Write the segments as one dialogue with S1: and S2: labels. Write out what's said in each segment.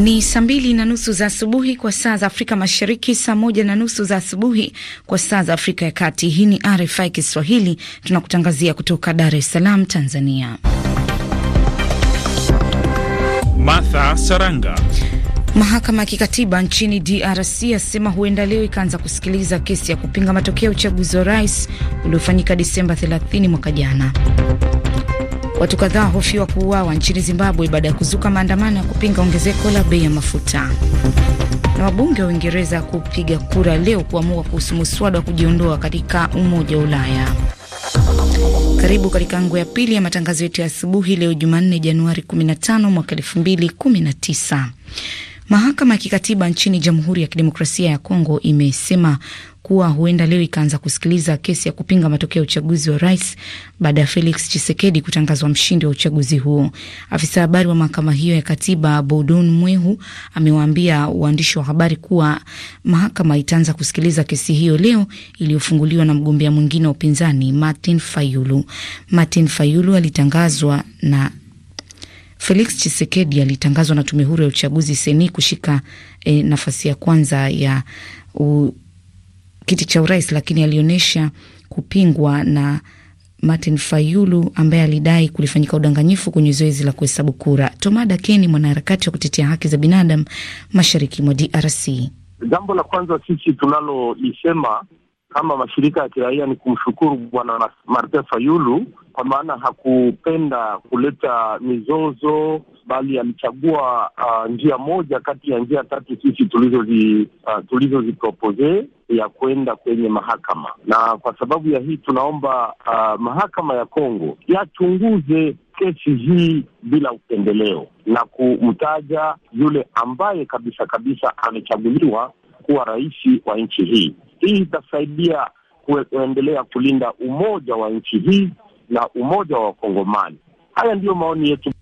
S1: Ni saa mbili na nusu za asubuhi kwa saa za Afrika Mashariki, saa moja na nusu za asubuhi kwa saa za Afrika ya Kati. Hii ni RFI Kiswahili, tunakutangazia kutoka Dar es Salaam, Tanzania.
S2: Martha Saranga.
S1: Mahakama ya kikatiba nchini DRC yasema huenda leo ikaanza kusikiliza kesi ya kupinga matokeo ya uchaguzi wa rais uliofanyika Disemba 30 mwaka jana. Watu kadhaa hofiwa kuuawa nchini Zimbabwe baada ya kuzuka maandamano ya kupinga ongezeko la bei ya mafuta. Na wabunge wa Uingereza kupiga kura leo kuamua kuhusu muswada wa kujiondoa katika Umoja wa Ulaya. Karibu katika ngo ya pili ya matangazo yetu ya asubuhi leo Jumanne, Januari 15 mwaka 2019. Mahakama ya kikatiba nchini Jamhuri ya Kidemokrasia ya Kongo imesema kuwa huenda leo ikaanza kusikiliza kesi ya kupinga matokeo ya uchaguzi wa rais baada ya Felix Chisekedi kutangazwa mshindi wa uchaguzi huo. Afisa habari wa mahakama hiyo ya katiba Bodon Mwehu amewaambia waandishi wa habari kuwa mahakama itaanza kusikiliza kesi hiyo leo iliyofunguliwa na mgombea mwingine wa upinzani Martin Fayulu. Martin Fayulu alitangazwa na Felix Chisekedi alitangazwa na tume huru ya uchaguzi seni kushika e, nafasi ya kwanza ya u, kiti cha urais, lakini alionyesha kupingwa na Martin Fayulu ambaye alidai kulifanyika udanganyifu kwenye zoezi la kuhesabu kura. Tomada Keni, mwanaharakati wa kutetea haki za binadamu mashariki mwa DRC:
S3: jambo la kwanza sisi tunalolisema kama mashirika ya kiraia ni kumshukuru Bwana Martin Fayulu kwa maana hakupenda kuleta mizozo, bali alichagua uh, njia moja kati ya njia tatu sisi tulizozi uh, tulizozipropose ya kwenda kwenye mahakama, na kwa sababu ya hii tunaomba uh, mahakama ya Kongo yachunguze kesi hii bila upendeleo na kumtaja yule ambaye kabisa kabisa amechaguliwa kuwa rais wa nchi hii. Hii itasaidia kuendelea kulinda umoja wa nchi hii na umoja wa Wakongomani. Haya ndiyo maoni yetu.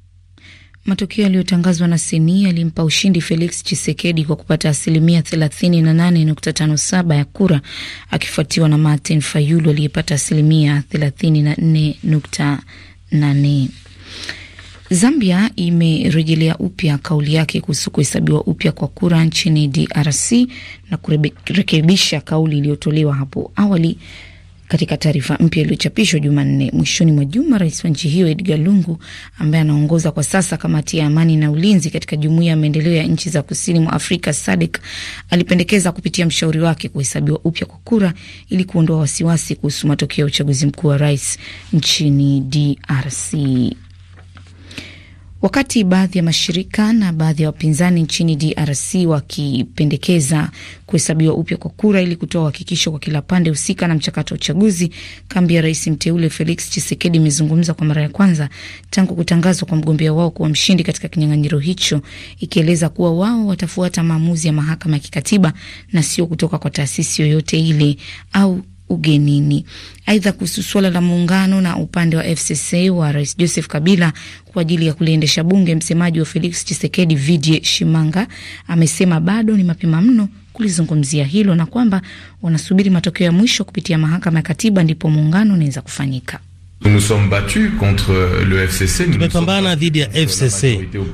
S1: Matokeo yaliyotangazwa na Seni yalimpa ushindi Felix Chisekedi kwa kupata asilimia 38.57 ya kura akifuatiwa na Martin Fayulu aliyepata asilimia 34.8. Zambia imerejelea upya kauli yake kuhusu kuhesabiwa upya kwa kura nchini DRC na kurekebisha kauli iliyotolewa hapo awali. Katika taarifa mpya iliyochapishwa Jumanne mwishoni mwa juma, rais wa nchi hiyo Edgar Lungu, ambaye anaongoza kwa sasa kamati ya amani na ulinzi katika jumuiya ya maendeleo ya nchi za kusini mwa Afrika SADC, alipendekeza kupitia mshauri wake kuhesabiwa upya kwa kura ili kuondoa wasiwasi kuhusu matokeo ya uchaguzi mkuu wa rais nchini DRC. Wakati baadhi ya mashirika na baadhi ya wapinzani nchini DRC wakipendekeza kuhesabiwa upya kwa kura ili kutoa uhakikisho kwa kila pande husika na mchakato wa uchaguzi, kambi ya rais mteule Felix Tshisekedi imezungumza kwa mara ya kwanza tangu kutangazwa kwa mgombea wao kuwa mshindi katika kinyang'anyiro hicho, ikieleza kuwa wao watafuata maamuzi ya mahakama ya kikatiba na sio kutoka kwa taasisi yoyote ile au ugenini. Aidha, kuhusu suala la muungano na upande wa FCC wa Rais Joseph Kabila kwa ajili ya kuliendesha bunge, msemaji wa Felix chisekedi Vidie Shimanga amesema bado ni mapema mno kulizungumzia hilo na kwamba wanasubiri matokeo ya mwisho kupitia mahakama ya katiba ndipo muungano unaweza kufanyika.
S2: Tumepambana dhidi ya FCC,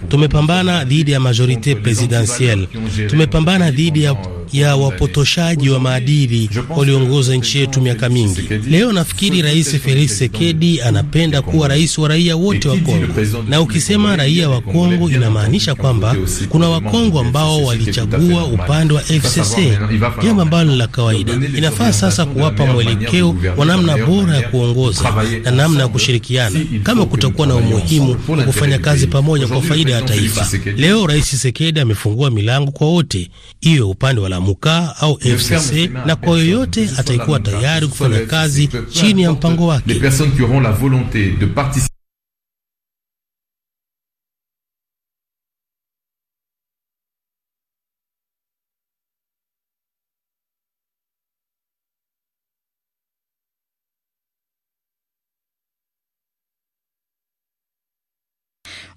S2: tumepambana dhidi ya majorite presidentielle, tumepambana dhidi ya ya wapotoshaji wa maadili walioongoza nchi yetu miaka mingi. Leo nafikiri Rais Felix Tshisekedi anapenda kuwa rais wa raia wote wa Kongo, na ukisema raia wa Kongo inamaanisha kwamba kuna Wakongo ambao walichagua upande wa FCC, jambo ambalo ni la kawaida. Inafaa sasa kuwapa mwelekeo wa namna bora ya kuongoza na namna ya kushirikiana, kama kutakuwa na umuhimu wa kufanya kazi pamoja kwa faida ya taifa. Leo Rais Tshisekedi amefungua milango kwa wote, iwe upande wa MUKA au FCC na kwa yoyote ataikuwa tayari kufanya kazi chini ya mpango wake.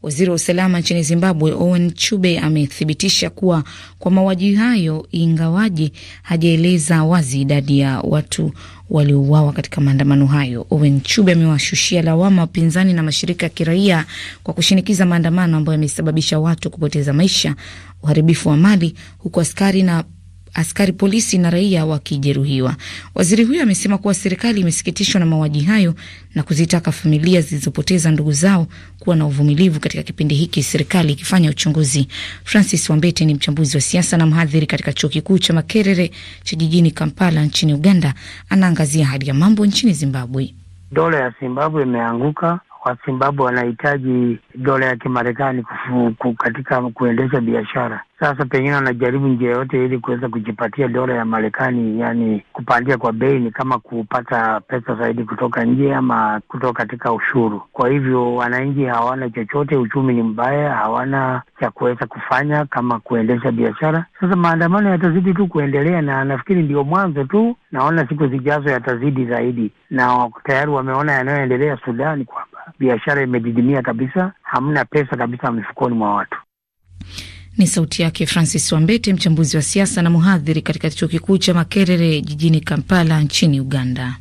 S1: Waziri wa usalama nchini Zimbabwe Owen Chube amethibitisha kuwa kwa mauaji hayo, ingawaje hajaeleza wazi idadi ya watu waliouawa katika maandamano hayo. Owen Chube amewashushia lawama wapinzani na mashirika ya kiraia kwa kushinikiza maandamano ambayo yamesababisha watu kupoteza maisha, uharibifu wa mali, huku askari na askari polisi na raia wakijeruhiwa. Waziri huyo amesema kuwa serikali imesikitishwa na mauaji hayo na kuzitaka familia zilizopoteza ndugu zao kuwa na uvumilivu katika kipindi hiki, serikali ikifanya uchunguzi. Francis Wambete ni mchambuzi wa siasa na mhadhiri katika chuo kikuu cha Makerere cha jijini Kampala nchini Uganda. Anaangazia hali ya mambo nchini Zimbabwe.
S2: Dola ya Zimbabwe imeanguka Zimbabwe wanahitaji dola ya Kimarekani katika kuendesha biashara. Sasa pengine wanajaribu njia yote ili kuweza kujipatia dola ya Marekani, yani kupandia kwa bei ni kama kupata pesa zaidi kutoka nje ama kutoka katika ushuru. Kwa hivyo wananchi hawana chochote, uchumi ni mbaya, hawana cha kuweza kufanya kama kuendesha biashara. Sasa maandamano yatazidi tu kuendelea, na nafikiri ndio mwanzo tu, naona siku zijazo yatazidi zaidi, na tayari wameona yanayoendelea Sudani kwa biashara imedidimia kabisa, hamna pesa kabisa
S3: mifukoni mwa watu.
S1: Ni sauti yake Francis Wambete, mchambuzi wa siasa na mhadhiri katika chuo kikuu cha Makerere jijini Kampala nchini Uganda.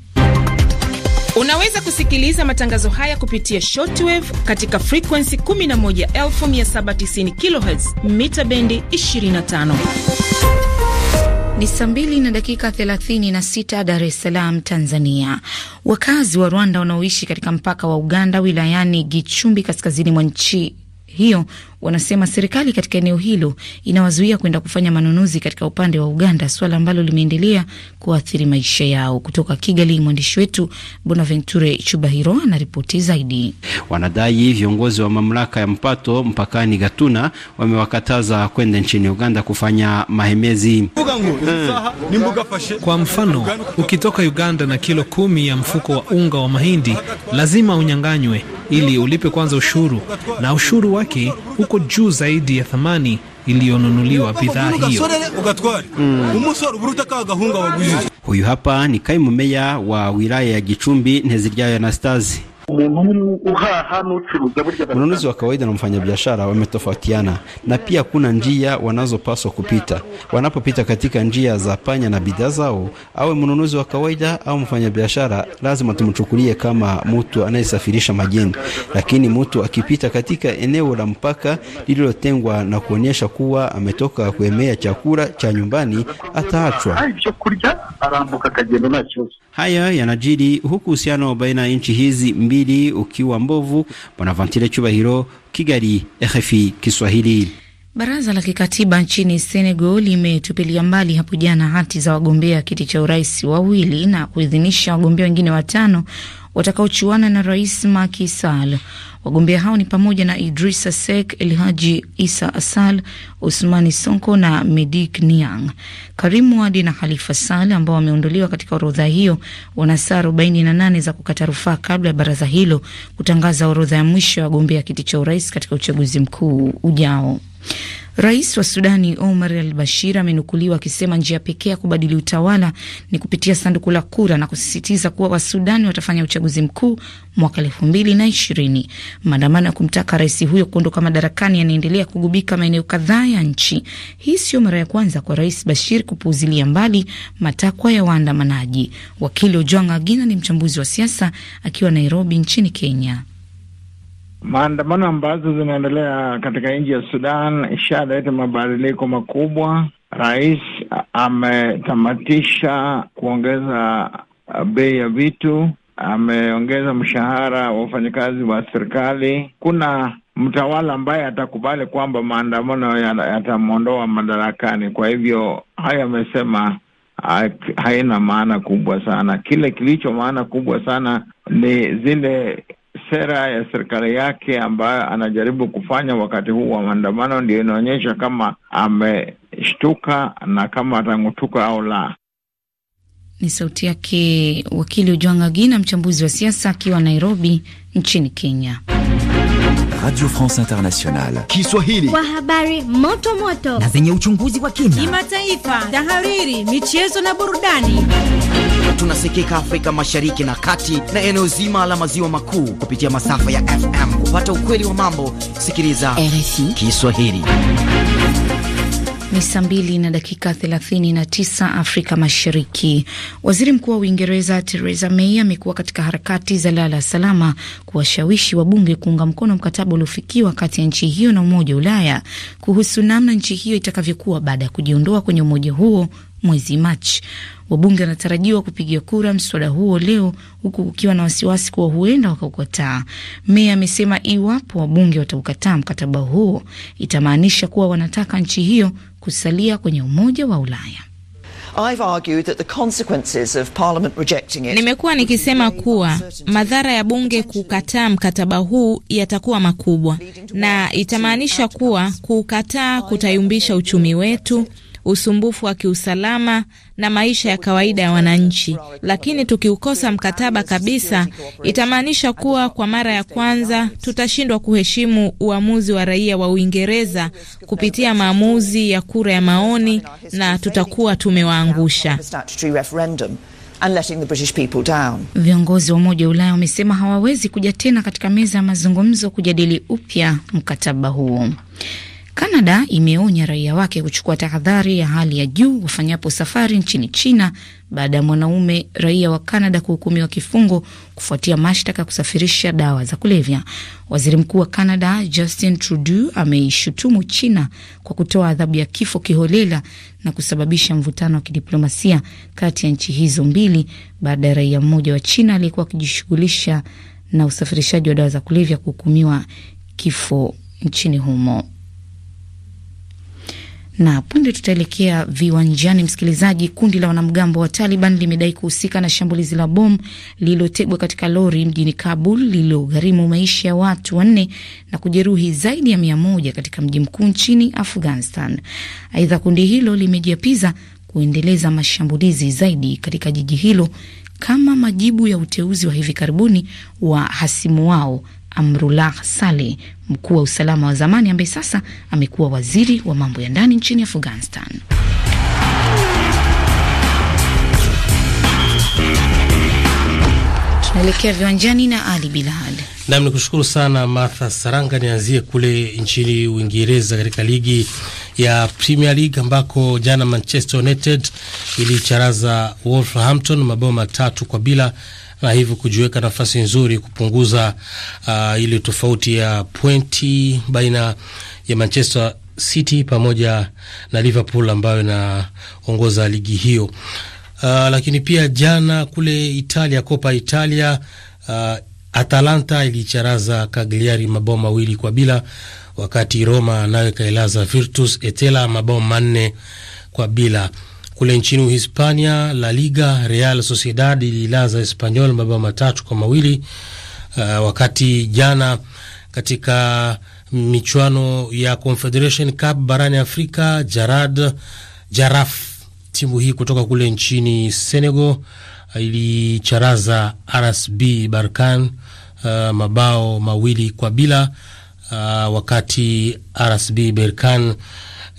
S1: Unaweza kusikiliza matangazo haya kupitia shortwave katika frekuensi 11790 kilohertz mita bendi 25. Ni saa mbili na dakika sita Dar es Salaam, Tanzania. Wakazi wa Rwanda wanaoishi katika mpaka wa Uganda wilayani Gichumbi, kaskazini mwa nchi hiyo wanasema serikali katika eneo hilo inawazuia kwenda kufanya manunuzi katika upande wa Uganda, swala ambalo limeendelea kuathiri maisha yao. Kutoka Kigali, mwandishi wetu Bonaventure Chubahiro anaripoti zaidi.
S4: Wanadai viongozi wa mamlaka ya mpato mpakani Gatuna wamewakataza kwenda nchini Uganda kufanya mahemezi. Kwa mfano,
S5: ukitoka Uganda na kilo kumi ya mfuko wa unga wa mahindi lazima unyang'anywe ili ulipe kwanza ushuru, na ushuru wake
S4: huko yako juu zaidi ya thamani iliyonunuliwa bidhaa hiyo. Mm. Huyu hapa ni kaimu meya wa wilaya ya Gicumbi Nteziryayo Anastasi umuntu ununuzi wa kawaida na mfanyabiashara wametofautiana na pia kuna njia wanazopaswa kupita wanapopita katika njia za panya na bidhaa zao awe mnunuzi wa kawaida au mfanyabiashara lazima tumchukulie kama mtu anayesafirisha majini lakini mtu akipita katika eneo la mpaka lililotengwa na kuonyesha kuwa ametoka kuemea chakula cha nyumbani ataachwa haya yanajiri huku uhusiano baina ya nchi hizi mbili mbili ukiwa Mbovu. Bonavantile Chubahiro, Kigali,
S1: RFI Kiswahili. Baraza la kikatiba nchini Senegal limetupilia mbali hapo jana hati za wagombea kiti cha urais wawili na kuidhinisha wagombea wengine watano watakaochuana na Rais Macky Sall. Wagombea hao ni pamoja na Idrisa Sek, Elhaji Isa Asal, Usmani Sonko na Medik Niang. Karimu Wadi na Khalifa Sal ambao wameondolewa katika orodha hiyo wana saa 48 za kukata rufaa kabla ya baraza hilo kutangaza orodha ya mwisho ya wagombea kiti cha urais katika uchaguzi mkuu ujao. Rais wa Sudani Omar al Bashir amenukuliwa akisema njia pekee ya kubadili utawala ni kupitia sanduku la kura na kusisitiza kuwa Wasudani watafanya uchaguzi mkuu mwaka elfu mbili na ishirini. Maandamano ya kumtaka rais huyo kuondoka madarakani yanaendelea kugubika maeneo kadhaa ya nchi. Hii sio mara ya kwanza kwa Rais Bashir kupuuzilia mbali matakwa ya waandamanaji. Wakili Ojwang Agina ni mchambuzi wa siasa akiwa Nairobi nchini Kenya.
S3: Maandamano ambazo zinaendelea katika nchi ya Sudan ishaleta mabadiliko makubwa. Rais ametamatisha kuongeza uh, bei ya vitu, ameongeza mshahara wa wafanyakazi wa serikali. Kuna mtawala ambaye atakubali kwamba maandamano yatamwondoa madarakani. Kwa hivyo hayo amesema uh, haina maana kubwa sana. Kile kilicho maana kubwa sana ni zile sera ya serikali yake ambayo anajaribu kufanya wakati huu wa maandamano, ndio inaonyesha kama ameshtuka na kama atangutuka au la.
S1: Ni sauti yake wakili Ujwanga Gina, mchambuzi wa siasa akiwa Nairobi nchini Kenya.
S3: Radio France Internationale Kiswahili, kwa
S1: habari moto moto na
S3: zenye uchunguzi wa kina,
S1: kimataifa, tahariri, michezo na burudani.
S5: Tunasikika Afrika Mashariki na Kati na eneo zima la maziwa makuu kupitia masafa ya FM. Kupata ukweli wa mambo, sikiliza
S4: RFI Kiswahili.
S1: Ni saa mbili na dakika 39 Afrika Mashariki. Waziri Mkuu wa Uingereza Theresa May amekuwa katika harakati za lala salama kuwashawishi wabunge kuunga mkono mkataba uliofikiwa kati ya nchi hiyo na Umoja wa Ulaya kuhusu namna nchi hiyo itakavyokuwa baada ya kujiondoa kwenye umoja huo mwezi Machi. Wabunge wanatarajiwa kupiga kura mswada huo leo, huku kukiwa na wasiwasi kuwa huenda wakaukataa. Meya amesema iwapo wabunge wataukataa mkataba huo itamaanisha kuwa wanataka nchi hiyo kusalia kwenye Umoja wa Ulaya. Oh, Nimekuwa nikisema kuwa madhara ya bunge kukataa mkataba huu yatakuwa makubwa na itamaanisha kuwa kukataa kutayumbisha uchumi wetu usumbufu wa kiusalama na maisha ya kawaida ya wananchi. Lakini tukiukosa mkataba kabisa, itamaanisha kuwa kwa mara ya kwanza tutashindwa kuheshimu uamuzi wa raia wa Uingereza kupitia maamuzi ya kura ya maoni na tutakuwa tumewaangusha. Viongozi wa Umoja wa Ulaya wamesema hawawezi kuja tena katika meza ya mazungumzo kujadili upya mkataba huo. Kanada imeonya raia wake kuchukua tahadhari ya hali ya juu wafanyapo safari nchini China baada ya mwanaume raia wa Kanada kuhukumiwa kifungo kufuatia mashtaka ya kusafirisha dawa za kulevya. Waziri mkuu wa Kanada Justin Trudeau ameishutumu China kwa kutoa adhabu ya kifo kiholela na kusababisha mvutano wa kidiplomasia kati ya nchi hizo mbili baada ya raia mmoja wa China aliyekuwa akijishughulisha na usafirishaji wa dawa za kulevya kuhukumiwa kifo nchini humo. Na punde tutaelekea viwanjani, msikilizaji. Kundi la wanamgambo wa Taliban limedai kuhusika na shambulizi la bomu lililotegwa katika lori mjini Kabul lililogharimu maisha ya watu wanne na kujeruhi zaidi ya mia moja katika mji mkuu nchini Afghanistan. Aidha, kundi hilo limejiapiza kuendeleza mashambulizi zaidi katika jiji hilo kama majibu ya uteuzi wa hivi karibuni wa hasimu wao Amrullah Saleh, mkuu wa usalama wa zamani ambaye sasa amekuwa waziri wa mambo ya ndani nchini Afghanistan. Tunaelekea viwanjani na Ali Bilhad.
S2: Nam ni kushukuru sana Martha Saranga. Nianzie kule nchini Uingereza katika ligi ya Premier League ambako jana Manchester United ilicharaza Wolverhampton mabao matatu kwa bila na ah, hivyo kujiweka nafasi nzuri kupunguza uh, ile tofauti ya pointi baina ya Manchester City pamoja na Liverpool ambayo inaongoza ligi hiyo. Uh, lakini pia jana kule Italia, Coppa Italia, uh, Atalanta ilicharaza Cagliari mabao mawili kwa bila, wakati Roma nayo ikailaza Virtus Etela mabao manne kwa bila. Kule nchini Uhispania, La Liga, Real Sociedad ililaza Espanyol mabao matatu kwa mawili. Uh, wakati jana katika michuano ya Confederation Cup barani Afrika, Jarad Jaraf, timu hii kutoka kule nchini Senegal uh, ilicharaza RSB Barkan uh, mabao mawili kwa bila. Uh, wakati RSB Berkan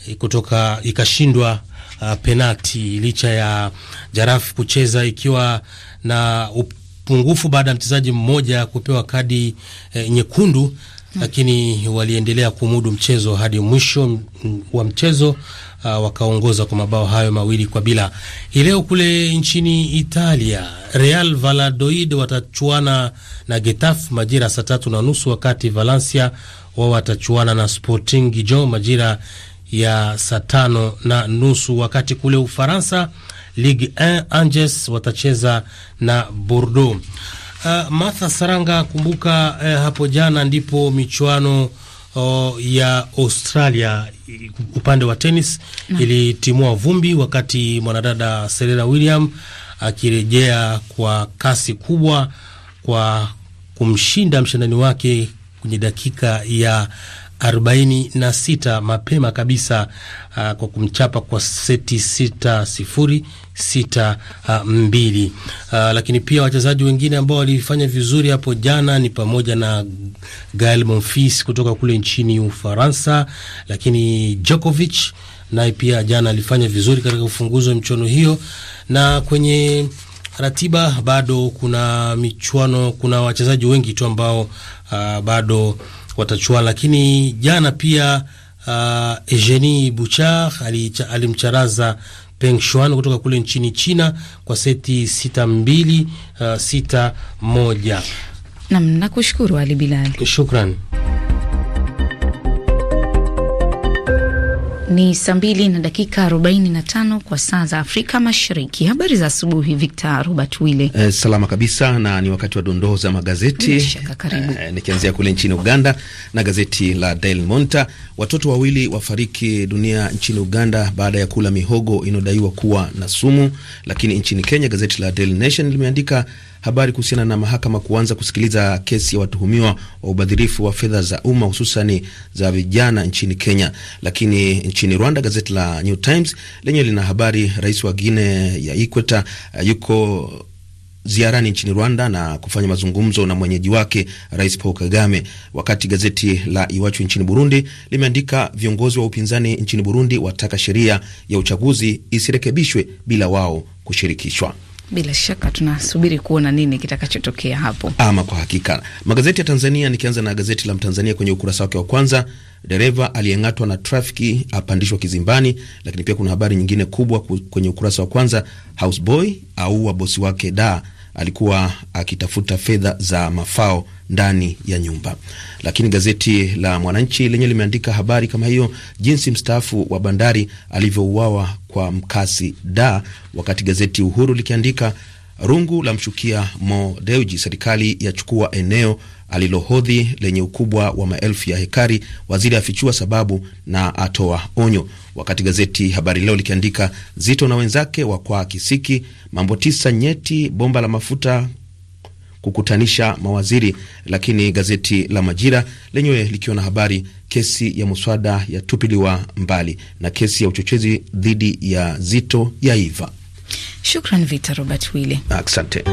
S2: eh, kutoka ikashindwa uh, penati licha ya Jaraf kucheza ikiwa na upungufu baada ya mchezaji mmoja kupewa kadi eh, nyekundu lakini waliendelea kumudu mchezo hadi mwisho wa mchezo uh, wakaongoza kwa mabao hayo mawili kwa bila. Hii leo kule nchini Italia, Real Valladolid watachuana na Getafe majira saa tatu na nusu wakati Valencia wao watachuana na Sporting Gijon majira ya saa tano na nusu wakati kule Ufaransa Ligue 1 Angers watacheza na Bordeaux. Uh, Martha Saranga, kumbuka uh, hapo jana ndipo michuano uh, ya Australia upande wa tenis ilitimua vumbi wakati mwanadada Serena William akirejea kwa kasi kubwa kwa kumshinda mshindani wake kwenye dakika ya 46 mapema kabisa uh, kwa kumchapa kwa seti 6 sifuri sita uh, mbili uh, lakini pia wachezaji wengine ambao walifanya vizuri hapo jana ni pamoja na Gael Monfils kutoka kule nchini Ufaransa, lakini Djokovic naye pia jana alifanya vizuri katika ufunguzi wa michuano hiyo, na kwenye ratiba bado kuna michuano, kuna wachezaji wengi tu ambao uh, bado watachua. Lakini jana pia uh, Eugenie Buchar alimcharaza ali Peng Shuan kutoka kule nchini China kwa seti sita mbili uh, sita moja.
S1: Nam, nakushukuru Ali Bilali, shukran. Ni saa mbili na dakika 45 kwa saa za Afrika Mashariki. Habari za asubuhi, Victor Robert Wille.
S5: Eh, salama kabisa, na ni wakati wa dondoo za magazeti eh, nikianzia kule nchini Uganda na gazeti la Daily Monitor. Watoto wawili wafariki dunia nchini Uganda baada ya kula mihogo inayodaiwa kuwa na sumu. Lakini nchini Kenya, gazeti la Daily Nation limeandika habari kuhusiana na mahakama kuanza kusikiliza kesi ya watuhumiwa wa ubadhirifu wa fedha za umma hususani za vijana nchini Kenya. Lakini nchini Rwanda, gazeti la New Times lenye lina habari rais wa Guinea ya Ikweta eh, yuko ziarani nchini Rwanda na kufanya mazungumzo na mwenyeji wake Rais Paul Kagame, wakati gazeti la Iwachu nchini Burundi limeandika viongozi wa upinzani nchini Burundi wataka sheria ya uchaguzi isirekebishwe bila wao kushirikishwa.
S1: Bila shaka tunasubiri kuona nini kitakachotokea hapo.
S5: Ama kwa hakika, magazeti ya Tanzania, nikianza na gazeti la Mtanzania kwenye ukurasa wake wa kwanza, dereva aliyeng'atwa na trafiki apandishwa kizimbani. Lakini pia kuna habari nyingine kubwa kwenye ukurasa wa kwanza, houseboy aua bosi wake da alikuwa akitafuta fedha za mafao ndani ya nyumba. Lakini gazeti la Mwananchi lenye limeandika habari kama hiyo, jinsi mstaafu wa bandari alivyouawa kwa mkasi da, wakati gazeti Uhuru likiandika rungu la mshukia Mo Dewji, serikali yachukua eneo alilohodhi lenye ukubwa wa maelfu ya hekari. Waziri afichua sababu na atoa onyo. Wakati gazeti Habari Leo likiandika Zito na wenzake wakwa kisiki, mambo tisa nyeti, bomba la mafuta kukutanisha mawaziri. Lakini gazeti la Majira lenyewe likiwa na habari kesi ya muswada yatupiliwa mbali na kesi ya uchochezi dhidi ya Zito yaiva.
S1: Shukran Victor Robert Wile, asante.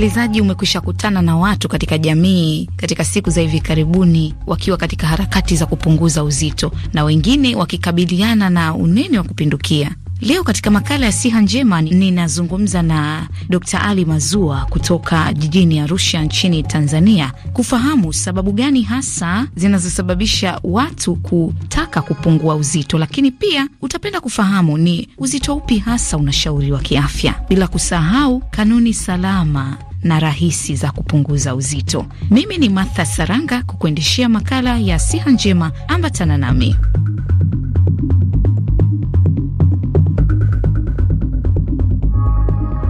S1: msikilizaji, umekwisha kutana na watu katika jamii katika siku za hivi karibuni wakiwa katika harakati za kupunguza uzito na wengine wakikabiliana na unene wa kupindukia. Leo katika makala ya siha njema ninazungumza na Dr. Ali Mazua kutoka jijini Arusha nchini Tanzania kufahamu sababu gani hasa zinazosababisha watu kutaka kupungua uzito, lakini pia utapenda kufahamu ni uzito upi hasa unashauriwa kiafya, bila kusahau kanuni salama na rahisi za kupunguza uzito. Mimi ni Martha Saranga kukuendeshea makala ya siha njema, ambatana nami.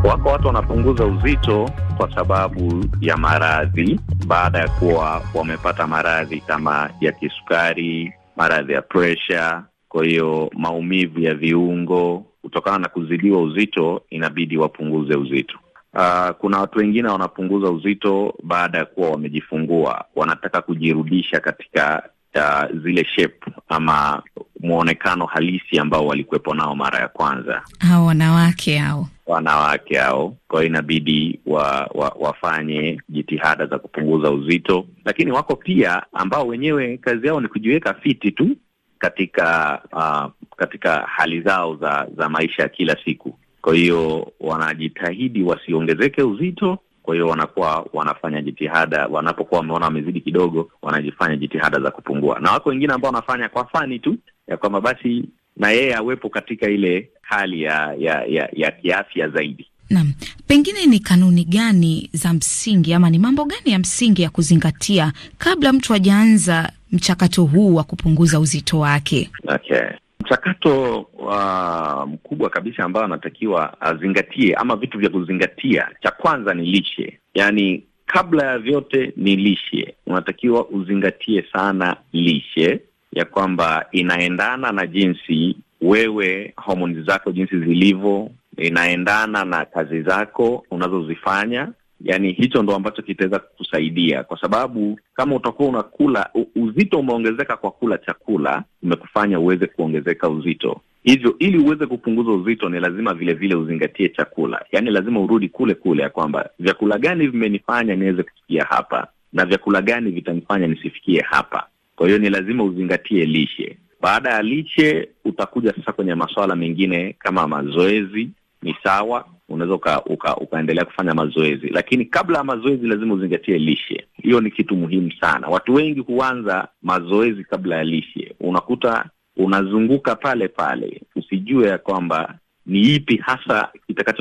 S3: Wako watu wanapunguza uzito kwa sababu ya maradhi, baada ya kuwa wamepata maradhi kama ya kisukari, maradhi ya presha, kwa hiyo maumivu ya viungo kutokana na kuzidiwa uzito, inabidi wapunguze uzito. Uh, kuna watu wengine wanapunguza uzito baada ya kuwa wamejifungua, wanataka kujirudisha katika uh, zile shape ama mwonekano halisi ambao walikuwepo nao mara ya kwanza,
S1: hao wanawake hao
S3: wanawake hao. Kwa hiyo inabidi wa, wa, wafanye jitihada za kupunguza uzito, lakini wako pia ambao wenyewe kazi yao ni kujiweka fiti tu katika uh, katika hali zao za, za maisha ya kila siku. Kwa hiyo wanajitahidi wasiongezeke uzito kwa hiyo wanakuwa wanafanya jitihada, wanapokuwa wameona wamezidi kidogo, wanajifanya jitihada za kupungua, na wako wengine ambao wanafanya kwa fani tu ya kwamba basi na yeye awepo katika ile hali ya ya ya, ya kiafya zaidi.
S1: nam pengine ni kanuni gani za msingi ama ni mambo gani ya msingi ya kuzingatia kabla mtu hajaanza mchakato huu wa kupunguza uzito wake?
S3: Okay mchakato uh, mkubwa kabisa ambao anatakiwa azingatie ama vitu vya kuzingatia, cha kwanza ni lishe. Yaani, kabla ya vyote ni lishe, unatakiwa uzingatie sana lishe ya kwamba inaendana na jinsi wewe homoni zako jinsi zilivyo, inaendana na kazi zako unazozifanya yani hicho ndo ambacho kitaweza kusaidia kwa sababu kama utakuwa unakula, uzito umeongezeka kwa kula chakula, umekufanya uweze kuongezeka uzito. Hivyo ili uweze kupunguza uzito, ni lazima vile vile uzingatie chakula, yaani lazima urudi kule kule, ya kwamba vyakula gani vimenifanya niweze kufikia hapa na vyakula gani vitanifanya nisifikie hapa. Kwa hiyo ni lazima uzingatie lishe. Baada ya lishe, utakuja sasa kwenye masuala mengine kama mazoezi, ni sawa unaweza uka, ukaendelea kufanya mazoezi, lakini kabla ya mazoezi lazima uzingatie lishe. Hiyo ni kitu muhimu sana. Watu wengi huanza mazoezi kabla ya lishe, unakuta unazunguka pale pale, usijue ya kwamba ni ipi hasa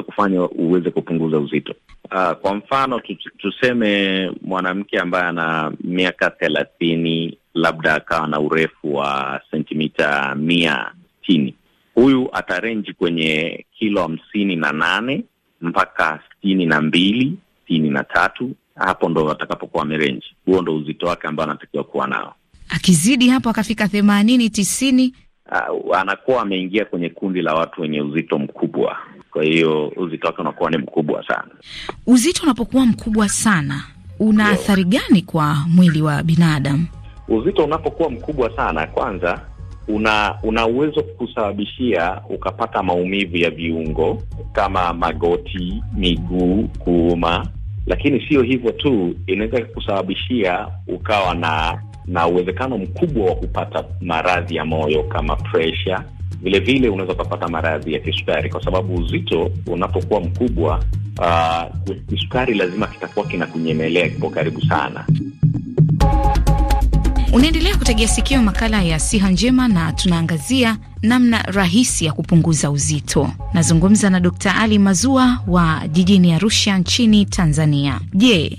S3: kufanya uweze kupunguza uzito. Uh, kwa mfano tuseme mwanamke ambaye ana miaka thelathini labda akawa na urefu wa sentimita mia sitini huyu atarenji kwenye kilo hamsini na nane mpaka sitini na mbili sitini na tatu hapo ndo atakapokuwa amerenji. Huo ndo uzito wake ambao anatakiwa kuwa nao.
S1: Akizidi hapo akafika themanini tisini,
S3: uh, anakuwa ameingia kwenye kundi la watu wenye uzito mkubwa. Kwa hiyo uzito wake unakuwa ni mkubwa sana.
S1: Uzito unapokuwa mkubwa sana una athari gani kwa mwili wa binadamu?
S3: Uzito unapokuwa mkubwa sana, kwanza una una uwezo kusababishia ukapata maumivu ya viungo kama magoti, miguu kuuma, lakini sio hivyo tu, inaweza kusababishia ukawa na na uwezekano mkubwa wa kupata maradhi ya moyo kama presha. Vile vile unaweza ukapata maradhi ya kisukari, kwa sababu uzito unapokuwa mkubwa, uh, kisukari lazima kitakuwa kinakunyemelea, kipo karibu sana.
S1: Unaendelea kutegea sikio makala ya siha njema, na tunaangazia namna rahisi ya kupunguza uzito. Nazungumza na Dr. Ali Mazua wa jijini Arusha nchini Tanzania. Je,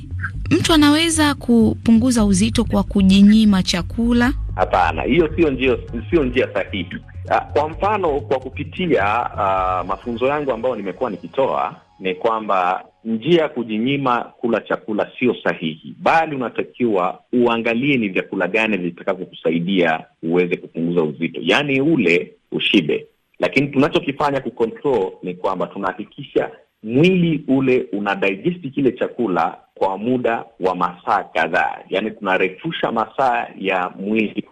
S1: mtu anaweza kupunguza uzito kwa kujinyima chakula?
S3: Hapana, hiyo sio njia, sio njia sahihi. Ah, kwa mfano, kwa kupitia uh, mafunzo yangu ambayo nimekuwa nikitoa ni kwamba njia ya kujinyima kula chakula sio sahihi, bali unatakiwa uangalie ni vyakula gani vitakavyokusaidia uweze kupunguza uzito, yaani ule ushibe. Lakini tunachokifanya kucontrol ni kwamba tunahakikisha mwili ule una kile chakula kwa muda wa masaa kadhaa, yaani tunarefusha masaa ya mwili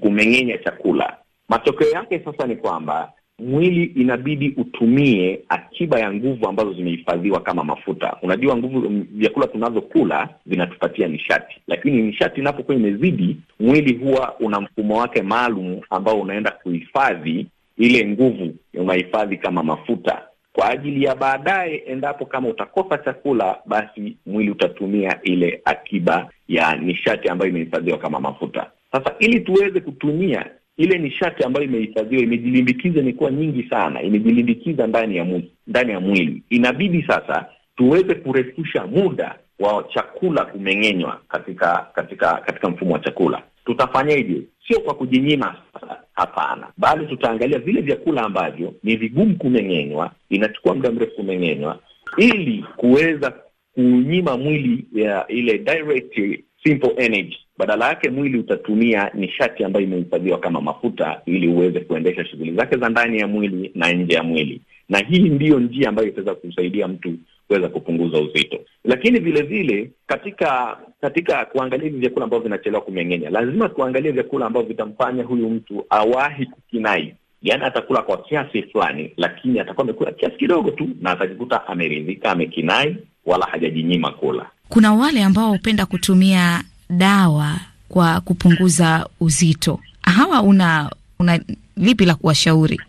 S3: kumeng'enya chakula. Matokeo yake sasa ni kwamba mwili inabidi utumie akiba ya nguvu ambazo zimehifadhiwa kama mafuta. Unajua, nguvu, mm, vyakula tunavyokula vinatupatia nishati, lakini nishati inapokuwa imezidi, mwili huwa una mfumo wake maalum ambao unaenda kuhifadhi ile nguvu, unahifadhi kama mafuta kwa ajili ya baadaye, endapo kama utakosa chakula, basi mwili utatumia ile akiba ya nishati ambayo imehifadhiwa kama mafuta. Sasa ili tuweze kutumia ile nishati ambayo imehifadhiwa imejilimbikiza, imekuwa nyingi sana, imejilimbikiza ndani ya mwili, ndani ya mwili. Inabidi sasa tuweze kurefusha muda wa chakula kumeng'enywa katika katika katika mfumo wa chakula. Tutafanyaje? Sio kwa kujinyima sasa, hapana, bali tutaangalia vile vyakula ambavyo ni vigumu kumeng'enywa, inachukua muda mrefu kumeng'enywa, ili kuweza kunyima mwili ya ile direct simple energy badala yake mwili utatumia nishati ambayo imehifadhiwa kama mafuta, ili uweze kuendesha shughuli zake za ndani ya mwili na nje ya mwili, na hii ndiyo njia ambayo itaweza kumsaidia mtu kuweza kupunguza uzito. Lakini vile vile katika katika kuangalia hivi vyakula ambavyo vinachelewa kumeng'enya, lazima tuangalie vyakula ambavyo vitamfanya huyu mtu awahi kukinai. Yaani atakula kwa kiasi fulani, lakini atakuwa amekula kiasi kidogo tu na atajikuta ameridhika, amekinai, wala hajajinyima kula.
S1: Kuna wale ambao hupenda kutumia dawa kwa kupunguza uzito, hawa una una lipi la kuwashauri?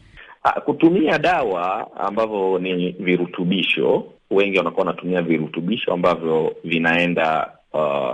S3: Ah, kutumia dawa ambavyo ni virutubisho, wengi wanakuwa wanatumia virutubisho ambavyo vinaenda uh,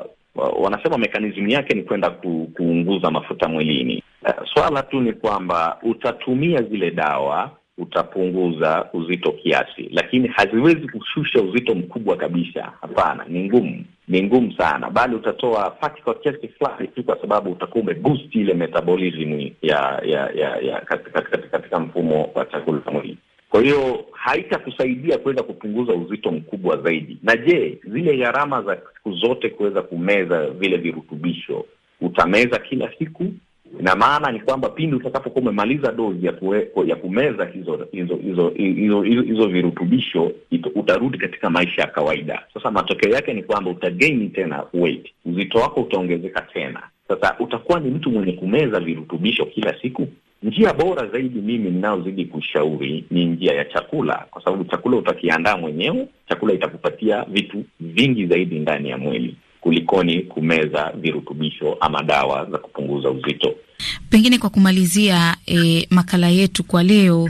S3: wanasema mekanizmu yake ni kwenda ku, kuunguza mafuta mwilini. Uh, swala tu ni kwamba utatumia zile dawa utapunguza uzito kiasi, lakini haziwezi kushusha uzito mkubwa kabisa. Hapana, ni ngumu, ni ngumu sana, bali utatoa fati kwa kiasi fulani tu, kwa sababu utakuwa umeboost ile metabolism ya ya ya, ya katika, katika, katika mfumo wa chakula cha mwili. Kwa hiyo haitakusaidia kuweza kupunguza uzito mkubwa zaidi. Na je, zile gharama za siku zote kuweza kumeza vile virutubisho utameza kila siku Ina maana ni kwamba pindi utakapokuwa umemaliza dozi ya kue, ya kumeza hizo hizo hizo hizo, hizo, hizo virutubisho ito, utarudi katika maisha ya kawaida. Sasa matokeo yake ni kwamba utageini tena weight, uzito wako utaongezeka tena. Sasa utakuwa ni mtu mwenye kumeza virutubisho kila siku. Njia bora zaidi mimi ninayozidi kushauri ni njia ya chakula, kwa sababu chakula utakiandaa mwenyewe. Chakula itakupatia vitu vingi zaidi ndani ya mwili kulikoni kumeza virutubisho ama dawa za kupunguza uzito.
S1: Pengine kwa kumalizia e, makala yetu kwa leo,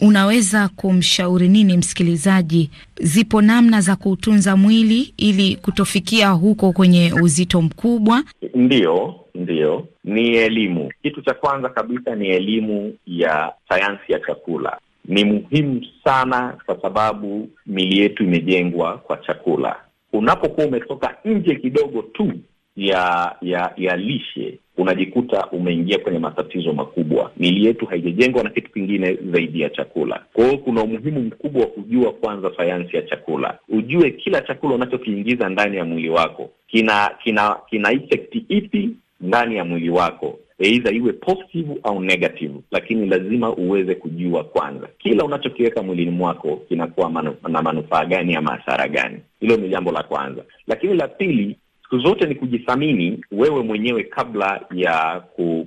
S1: unaweza kumshauri nini msikilizaji? Zipo namna za kuutunza mwili ili kutofikia huko kwenye uzito mkubwa?
S3: ndio ndio ni elimu. Kitu cha kwanza kabisa ni elimu ya sayansi ya chakula ni muhimu sana kwa sababu mili yetu imejengwa kwa chakula. Unapokuwa umetoka nje kidogo tu ya ya ya lishe unajikuta umeingia kwenye matatizo makubwa. Mili yetu haijajengwa na kitu kingine zaidi ya chakula. Kwa hiyo kuna umuhimu mkubwa wa kujua kwanza sayansi ya chakula, ujue kila chakula unachokiingiza ndani ya mwili wako kina kina kina effect ipi ndani ya mwili wako Eidha iwe positive au negative, lakini lazima uweze kujua kwanza kila unachokiweka mwilini mwako kinakuwa manu, na manufaa gani ama hasara gani. Hilo ni jambo la kwanza, lakini la pili siku zote ni kujithamini wewe mwenyewe kabla ya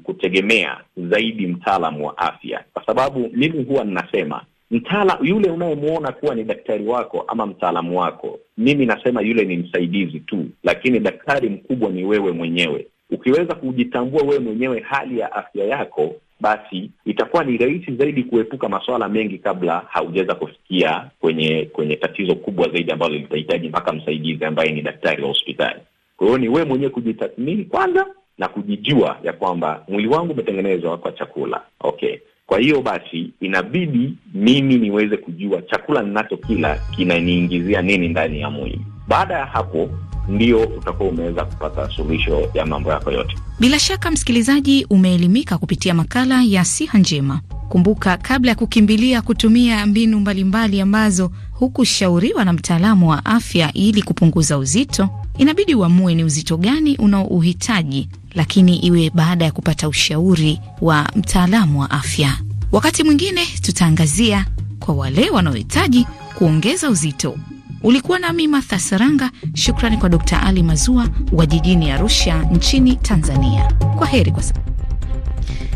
S3: kutegemea zaidi mtaalamu wa afya, kwa sababu mimi huwa ninasema mtaala yule unayemwona kuwa ni daktari wako ama mtaalamu wako, mimi nasema yule ni msaidizi tu, lakini daktari mkubwa ni wewe mwenyewe. Ukiweza kujitambua wewe mwenyewe hali ya afya yako, basi itakuwa ni rahisi zaidi kuepuka masuala mengi kabla haujaweza kufikia kwenye kwenye tatizo kubwa zaidi ambalo litahitaji mpaka msaidizi ambaye ni daktari wa hospitali. Kwa hiyo ni wewe mwenyewe kujitathmini kwanza na kujijua ya kwamba mwili wangu umetengenezwa kwa chakula, okay. Kwa hiyo basi inabidi mimi niweze kujua chakula ninachokila kinaniingizia nini ndani ya mwili. Baada ya hapo ndio utakuwa umeweza kupata suluhisho ya mambo yako yote.
S1: Bila shaka, msikilizaji, umeelimika kupitia makala ya Siha Njema. Kumbuka, kabla ya kukimbilia kutumia mbinu mbalimbali ambazo hukushauriwa na mtaalamu wa afya ili kupunguza uzito Inabidi uamue ni uzito gani unaouhitaji, lakini iwe baada ya kupata ushauri wa mtaalamu wa afya. Wakati mwingine tutaangazia kwa wale wanaohitaji kuongeza uzito. Ulikuwa nami Martha Saranga. Shukrani kwa dr Ali Mazua wa jijini Arusha nchini Tanzania. Kwa heri kwa sasa.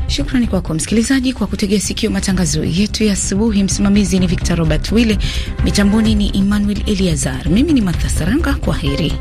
S1: Shukrani kwako msikilizaji kwa kutegea sikio matangazo yetu ya asubuhi. Msimamizi ni Victor Robert Wille, mitamboni ni Emmanuel Eliazar, mimi ni Martha Saranga. Kwa heri.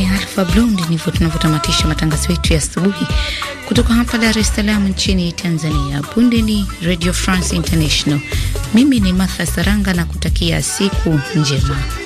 S1: yake Alfa Blondy. Ndivyo tunavyotamatisha matangazo yetu ya asubuhi kutoka hapa Dar es Salaam nchini Tanzania. Punde ni Radio France International. Mimi ni Martha Saranga na kutakia siku njema.